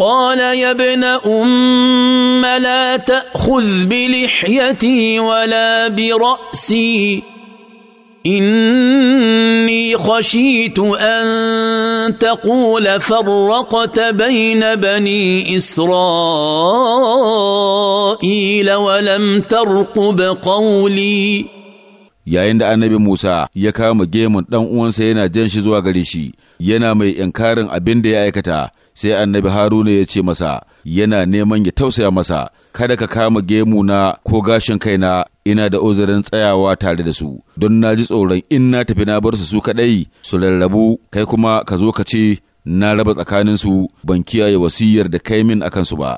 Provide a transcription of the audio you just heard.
قال يا ابن أم لا تأخذ بلحيتي ولا برأسي إني خشيت أن تقول فرقت بين بني إسرائيل ولم ترقب قولي yayin da annabi Musa ya kama gemun ɗan uwansa yana jan shi zuwa gare shi yana mai inkarin abin da ya aikata sai annabi haruna ya ce masa yana neman ya tausaya masa kada ka kama gemu na ko gashin kaina ina da uzurin tsayawa tare da su don na ji tsoron in na tafi na bar su su kaɗai su rarrabu kai kuma ka zo ka ce na raba tsakaninsu ban kiyaye wasiyar da kai min akan su ba